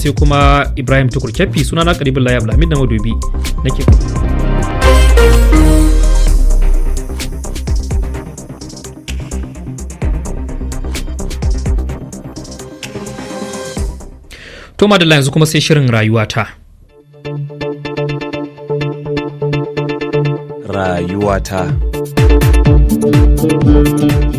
sai kuma Ibrahim Tukur Keffi suna na karibin Layi Abdulhamid na Madobi ke To madalla yanzu kuma sai shirin rayuwata. Rayuwata.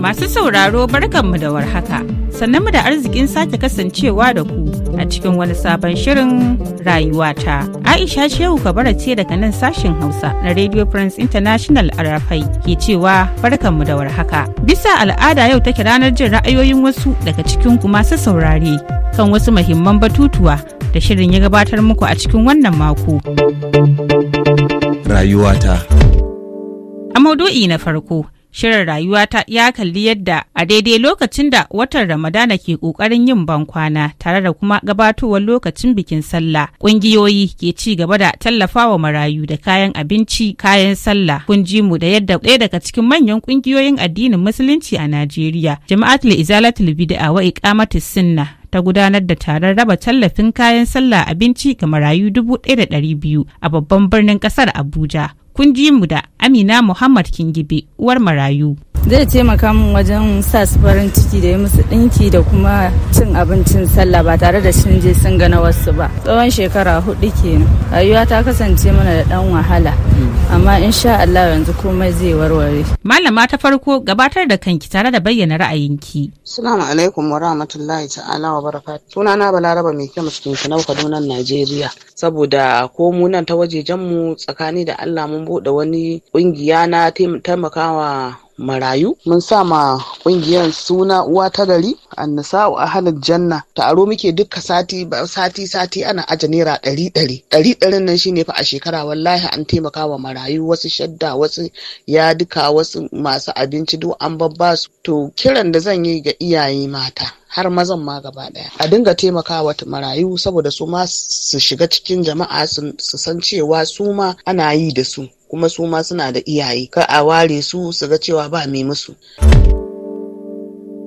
Masu sauraro barkanmu da warhaka, sannanmu da arzikin sake kasancewa da ku a cikin wani sabon shirin rayuwata. Aisha Shehu Kabara ce daga nan sashen Hausa na Radio France International a Rafai ke cewa mu da warhaka. Bisa al'ada yau take ranar jin ra'ayoyin wasu daga cikin kuma su saurare kan wasu mahimman batutuwa da shirin ya gabatar muku a cikin wannan mako. Rayuwata. A maudu'i na farko. Shirin rayuwata ya kalli yadda a daidai lokacin da watan Ramadana ke ƙoƙarin yin bankwana tare da kuma gabatowar lokacin bikin sallah. Ƙungiyoyi ke ci gaba da tallafawa marayu da kayan abinci, kayan sallah. Kun ji mu da yadda ɗaya daga cikin manyan ƙungiyoyin addinin Musulunci a Najeriya, Jama'atul Izalatul Bid'a wa Iqamatus Sunna ta gudanar da taron raba tallafin kayan sallah abinci ga marayu dubu ɗaya da ɗari biyu a babban birnin kasar Abuja. kun ji mu da Amina Muhammad Kingibe uwar marayu. zai taimaka min wajen sa su farin ciki da yi musu ɗinki da kuma cin abincin sallah ba tare da sun je sun gana wasu ba tsawon shekara hudu kenan rayuwa ta kasance mana da ɗan wahala amma insha Allah yanzu komai zai warware malama ta farko gabatar da kanki tare da bayyana ra'ayinki assalamu alaikum wa rahmatullahi ta'ala wa barakat sunana balaraba mai kyau cikin kanau Kaduna Najeriya saboda ko mu nan ta waje-jan mu tsakani da Allah mun bude wani kungiya na taimakawa marayu mun sa ma kungiyar suna uwa ta gari a hannun janna taro muke duka sati sati sati ana aje naira ɗari ɗari ɗari ɗarin nan shine fa a shekara wallahi an taimaka wa marayu wasu shadda wasu ya duka wasu masu abinci duk an babba su to kiran da zan yi ga iyaye mata har mazan ma gaba daya a dinga taimakawa marayu saboda su ma su shiga cikin jama'a su san cewa su ma ana yi da su kuma su ma suna da iyaye ka a ware su su ga cewa ba mai musu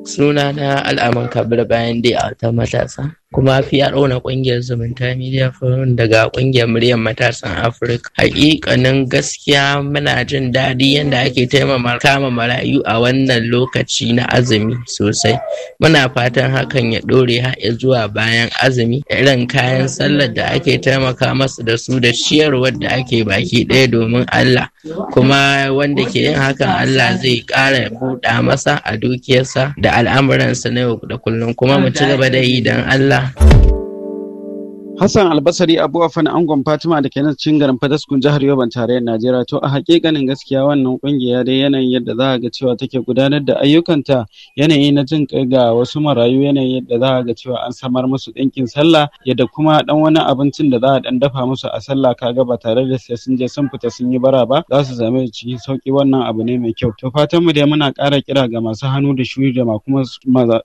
suna na al'aman kabir bayan dai a wata matasa kuma PRO na ƙungiyar zumunta Media Forum daga ƙungiyar muryar matasan Afirka. Hakikanin gaskiya muna jin daɗi yadda ake taimama kama marayu a wannan lokaci na azumi sosai. Muna fatan hakan ya ɗore har zuwa bayan azumi irin kayan sallar da ake taimaka masu da su da ciyarwar da ake baki ɗaya domin Allah. Kuma wanda ke yin hakan Allah zai ƙara buɗa masa a dukiyarsa da al'amuransa na yau da kullum kuma mu ci gaba da yi don Allah Yeah. Hassan Albasari Abu Afan Angon Fatima da ke nan cikin garin Fataskun jihar Yoban tarayyar Najeriya to a hakikanin gaskiya wannan kungiya dai yanayin yadda za a ga cewa take gudanar da ayyukanta yanayi na jin kai ga wasu marayu yanayin yadda za a ga cewa an samar musu ɗinkin sallah yadda kuma dan wani abincin da za a dan dafa musu a sallah kaga ba tare da sai sun je sun fita sun yi bara ba za su zama cikin sauki wannan abu ne mai kyau to fatan mu dai muna ƙara kira ga masu hannu da shuni da kuma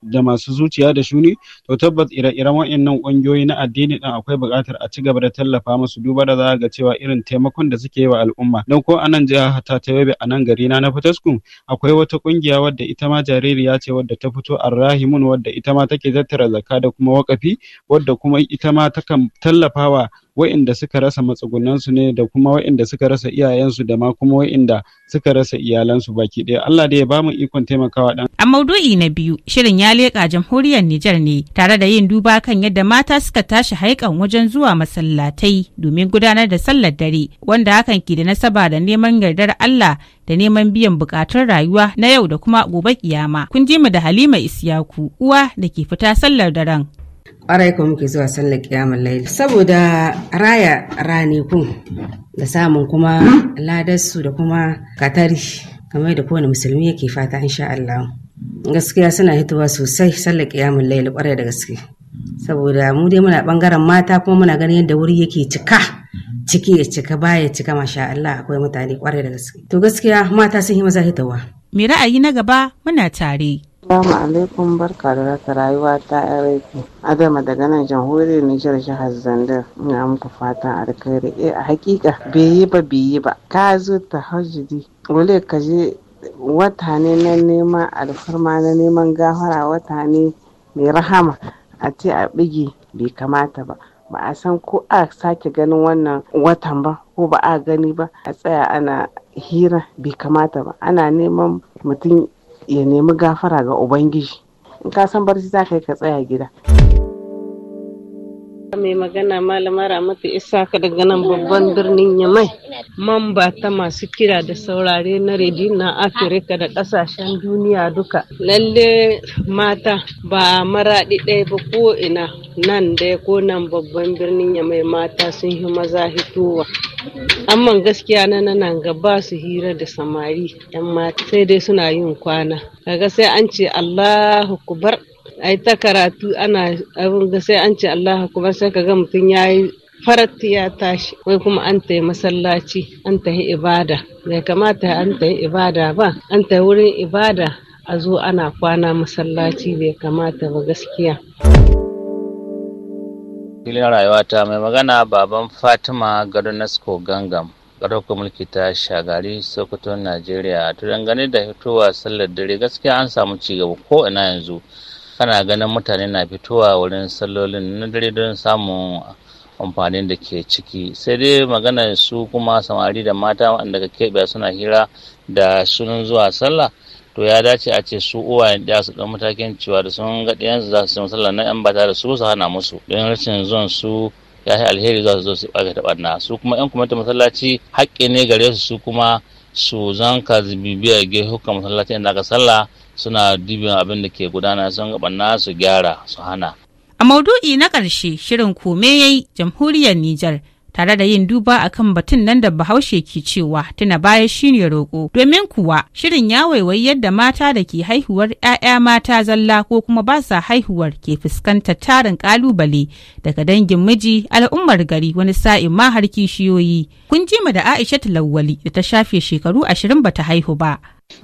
da masu zuciya da shuni to tabbas ire-iren wa'annan kungiyoyi na addini din akwai buƙatar a ci gaba da tallafa musu duba da za ga cewa irin taimakon da suke yi wa al'umma don ko anan jiha ta ta yobe a nan gari na na fitasku akwai wata ƙungiya wadda ita ma jaririya ce wadda ta fito arrahimun wadda ita ma take tattara zakka da kuma wakafi wadda kuma ita ma takan tallafawa wa'inda suka rasa matsugunansu ne da kuma wa'inda suka rasa iyayensu da ma kuma wa'inda suka rasa iyalansu baki ɗaya Allah da ya ba mu ikon taimakawa ɗan. A maudu'i na biyu shirin ya leƙa jamhuriyar Nijar ne tare da yin duba kan yadda mata suka tashi haikan wajen zuwa masallatai domin gudanar da sallar dare wanda hakan ke da nasaba da neman yardar Allah da neman biyan bukatun rayuwa na yau da kuma gobe kiyama. Kun ji mu da Halima isyaku uwa da ke fita sallar daren ƙwarai kuma muke zuwa sallar kiyamun laili saboda raya ku da samun kuma ladarsu da kuma katari kamar da kowane musulmi yake fata insha Allah gaskiya suna hitowa sosai sallar kiyamun laili ƙwarai da gaske saboda mu dai muna bangaren mata kuma muna ganin yadda wuri yake cika ciki ya cika baya cika masha Allah akwai mutane kwarai da gaske to gaskiya mata sun yi maza hitawa me ra'ayi na gaba muna tare Assalamu alaikum barka da raka rayuwa ta yaraki Adama daga nan jamhuriyar Nijar jihar Zandar ina muku fatan alkhairi eh a hakika bai yi ba bai yi ba ka zo ta hajjidi wale ka je wata ne na neman alfarma na neman gafara wata ne mai rahama a ce a bigi bai kamata ba ba a san ko a sake ganin wannan watan ba ko ba a gani ba a tsaya ana hira bai kamata ba ana neman mutum ya nemi gafara ga ubangiji in ka san barci za ka yi ka tsaya gida mai magana malama ramatu isa ka daga nan babban birnin yamai mamba ta masu kira da saurare na rediyo na afirka da kasashen duniya duka lalle mata ba maraɗi ɗaya ba ko ina nan ɗaya ko nan babban birnin yamai mata sun yi maza hitowa amma gaskiya na nan ga ba su hira da samari yan sai dai suna yin kwana. Kaga sai an ce Allahu kubar ai ta karatu ana abin ga sai an ce Allahu kubar sai kaga mutum ya yi farat ya tashi wai kuma an yi masallaci an yi ibada bai kamata an yi ibada ba an tayi wurin ibada a zo ana kwana masallaci bai kamata ba gaskiya. filin rayuwata mai magana baban fatima gado nasko gangam ƙarfafa mulki ta shagari sokoto najeriya to dangane da fitowa sallar dare gaskiya an samu cigaba ko ina yanzu kana ganin mutane na fitowa wurin sallolin na dare don samun amfanin da ke ciki sai dai magana su kuma samari da mata waɗanda ka keɓe suna hira da sunan zuwa sallah to ya dace a ce su uwayen ɗaya su ɗan matakin cewa da sun ga su za su samu na yan ba tare da su su hana musu don rashin zuwan su ya yi alheri za su zo su ɓaga ɓarna su kuma yan kuma masallaci haƙƙi ne gare su su kuma su zanka bibiyar gehukan masallaci inda ka sallah suna dubin abin da ke gudana sun ɓarna su gyara su hana. A maudu'i na ƙarshe shirin kome yayi jamhuriyar Nijar tare da yin duba a kan batun nan da bahaushe ke cewa tuna baya shi ne roƙo domin kuwa shirin ya waiwayi yadda mata da ke haihuwar 'ya'ya mata zalla ko kuma ba sa haihuwar ke fuskantar tarin ƙalubale, daga dangin miji al'ummar gari wani sa'in ma har kishiyoyi kun ji da aisha talawali da ta shafe shekaru ashirin bata haihu ba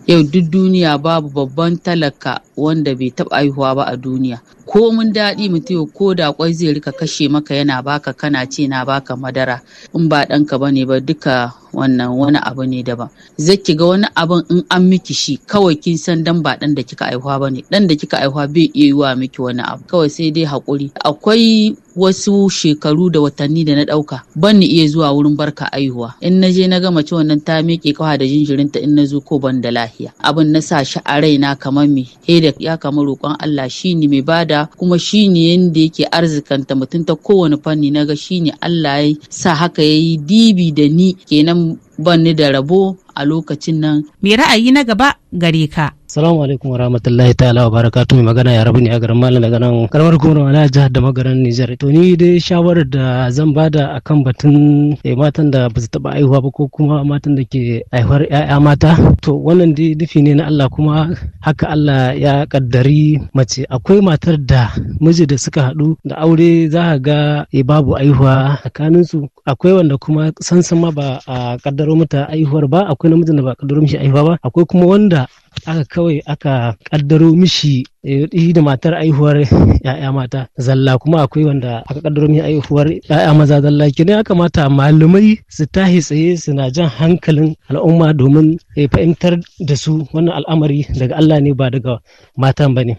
yau duk duniya babu babban talaka wanda bai taɓa haihuwa ba a duniya ko mun daɗi mutum ko da kwai zai rika kashe maka yana baka kana ce na baka madara in ba ɗanka bane ba duka wannan wani abu ne daban zai ki ga wani abin in an miki shi kawai kin san dan ba ɗan da kika aihuwa bane Ɗan da kika aihuwa bai iya yiwa miki wani abu kawai sai dai hakuri akwai wasu shekaru da watanni da na ɗauka. ban ni iya zuwa wurin barka haihuwa in na je na gama mace wannan ta miƙe kawa da jinjirinta in na zo ko ban da lahiya abin na sa shi a raina kamar me da ya kama roƙon Allah shine mai bada kuma shine yanda yake arzikanta mutum ta kowane fanni naga shine Allah ya sa haka yayi dibi da ni kenan ban ni da rabo a lokacin nan. Me ra'ayi na gaba gare ka? Salamu alaikum wa rahmatullahi ta'ala wa barakatu mai magana ya rabu ne a garin Malam daga nan karamar gona na jihar da magaran Nijar. To ni dai shawarar da zan bada kan batun eh, matan da ba su taba aihuwa ba ko kuma matan da ke aihuwar 'ya'ya mata. To wannan dai nufi ne na Allah kuma haka Allah ya kaddari mace akwai matar da miji da suka haɗu da aure za ga eh, babu aihuwa tsakanin su akwai wanda kuma sansan ma ba a kaddaro mata aihuwar ba akwai namijin da ba a kaddaro mishi aihuwa ba akwai kuma wanda aka kawai aka kaddaro mishi eh, da matar aihuwar ya'ya mata zalla kuma akwai wanda aka kaddaro mishi aihuwar ya'ya maza zalla gida ya kamata malamai su tahi tsaye suna jan hankalin al'umma domin eh, fahimtar da su wannan al'amari daga Allah ne ba daga matan ba ne.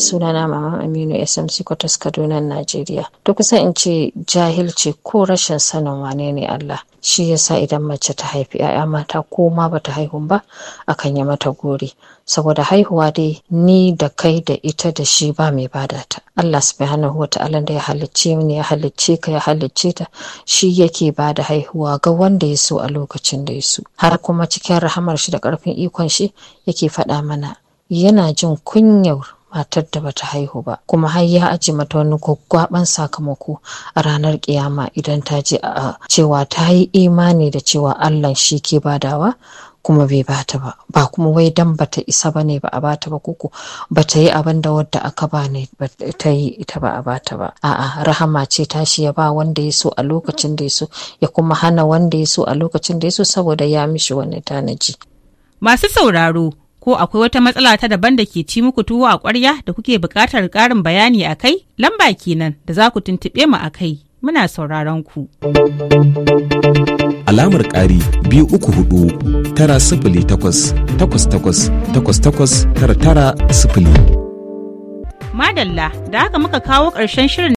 sunana maman aminu smc kwatas kaduna najeriya to kusan in ce jahilci ko rashin sanin wane ne allah shi yasa idan mace ta haifi 'ya'ya mata ko ma bata haihu ba akan yi mata gori saboda haihuwa dai ni da kai da ita da shi ba mai bada ta Allah subhanahu wata'ala da ya halicce ni ya halicce ka ya halicce ta shi yake bada haihuwa ga wanda ya so a lokacin da ya so har kuma cikin rahamar shi da karfin ikon shi yake faɗa mana yana jin kunyar matar da bata haihu ba kuma har ya aji mata wani gwaggwaban sakamako a ranar kiyama idan ta ji a cewa ta yi imani da cewa Allah shi ke badawa kuma bai bata ba ba kuma wai dan bata isa bane ba a bata ba koko bata yi abin da wadda aka ba ne ta yi ita ba a bata ba a'a rahama ce tashi ya ba wanda ya so a lokacin da ya so ya kuma hana wanda ya so a lokacin da ya so saboda ya mishi wani tanaji masu sauraro ko akwai wata matsala ta daban da ke ci muku tuwo a ƙwarya da kuke buƙatar ƙarin bayani a kai lamba kenan da za ku tuntuɓe mu a kai muna sauraron ku. Alamar ƙari biyu uku hudu tara sifili takwas takwas takwas takwas takwas tara tara sifili. Madalla da haka muka kawo ƙarshen shirin